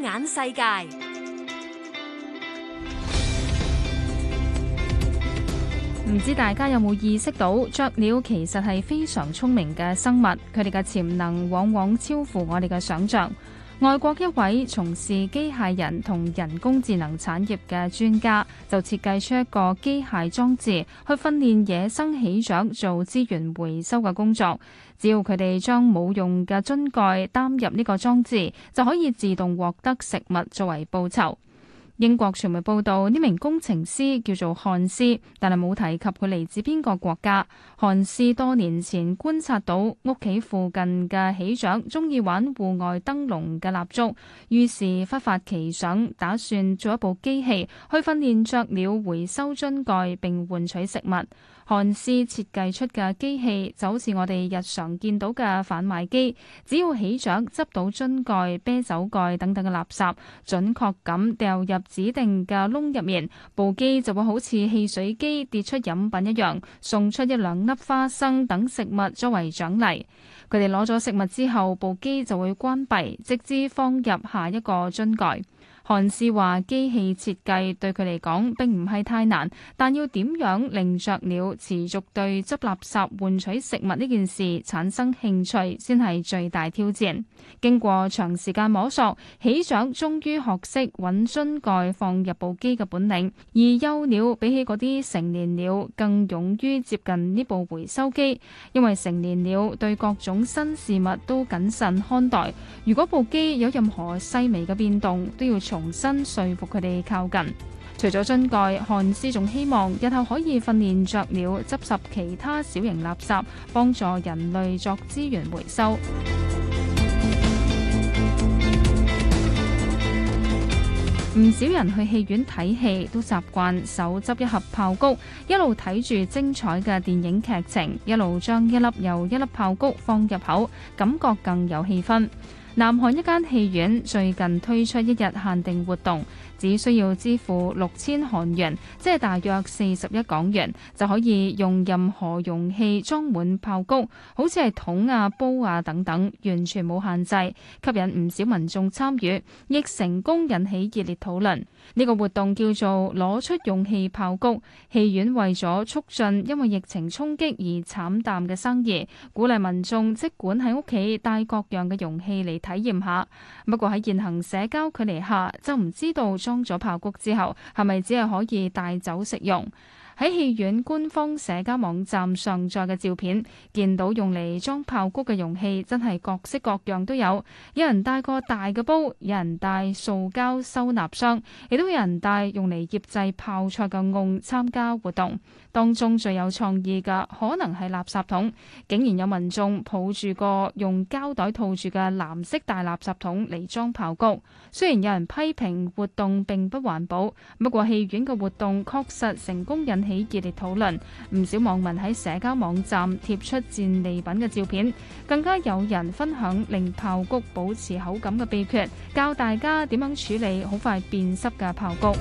眼世界，唔知大家有冇意識到，雀鳥其實係非常聰明嘅生物，佢哋嘅潛能往往超乎我哋嘅想象。外國一位從事機械人同人工智能產業嘅專家，就設計出一個機械裝置，去訓練野生喜鵲做資源回收嘅工作。只要佢哋將冇用嘅樽蓋擔入呢個裝置，就可以自動獲得食物作為報酬。英國傳媒報道，呢名工程師叫做漢斯，但係冇提及佢嚟自邊個國家。漢斯多年前觀察到屋企附近嘅喜鵲鍾意玩戶外燈籠嘅蠟燭，於是忽發奇想，打算做一部機器去訓練雀鳥回收樽蓋並換取食物。漢斯設計出嘅機器就好似我哋日常見到嘅販賣機，只要喜鵲執到樽蓋、啤酒蓋等等嘅垃圾，準確咁掉入。指定嘅窿入面，部機就會好似汽水機跌出飲品一樣，送出一兩粒花生等食物作為獎勵。佢哋攞咗食物之後，部機就會關閉，直至放入下一個樽蓋。韓氏話：機器設計對佢嚟講並唔係太難，但要點樣令雀鳥持續對執垃圾換取食物呢件事產生興趣，先係最大挑戰。經過長時間摸索，喜鳥終於學識揾樽蓋放入部機嘅本領。而幼鳥比起嗰啲成年鳥更勇於接近呢部回收機，因為成年鳥對各種新事物都謹慎看待。如果部機有任何細微嘅變動，都要從重新說服佢哋靠近。除咗樽蓋，漢斯仲希望日後可以訓練雀鳥執拾其他小型垃圾，幫助人類作資源回收。唔 少人去戲院睇戲都習慣手執一盒爆谷，一路睇住精彩嘅電影劇情，一路將一粒又一粒爆谷放入口，感覺更有氣氛。南韓一間戲院最近推出一日限定活動。只需要支付六千韓元，即係大約四十一港元，就可以用任何容器裝滿爆谷，好似係桶啊、煲啊等等，完全冇限制，吸引唔少民眾參與，亦成功引起熱烈討論。呢個活動叫做攞出容器爆谷，戲院為咗促進因為疫情衝擊而慘淡嘅生意，鼓勵民眾即管喺屋企帶各樣嘅容器嚟體驗下。不過喺現行社交距離下，就唔知道。裝咗爆谷之後，係咪只係可以帶走食用？喺戲院官方社交網站上載嘅照片，見到用嚟裝爆谷嘅容器真係各式各樣都有，有人帶個大嘅煲，有人帶塑膠收納箱，亦都有人帶用嚟醃製泡菜嘅甕參加活動。當中最有創意嘅，可能係垃圾桶，竟然有民眾抱住個用膠袋套住嘅藍色大垃圾桶嚟裝爆谷。雖然有人批評活動並不環保，不過戲院嘅活動確實成功引起喺熱烈討論，唔少網民喺社交網站貼出戰利品嘅照片，更加有人分享令爆谷保持口感嘅秘訣，教大家點樣處理好快變濕嘅爆谷。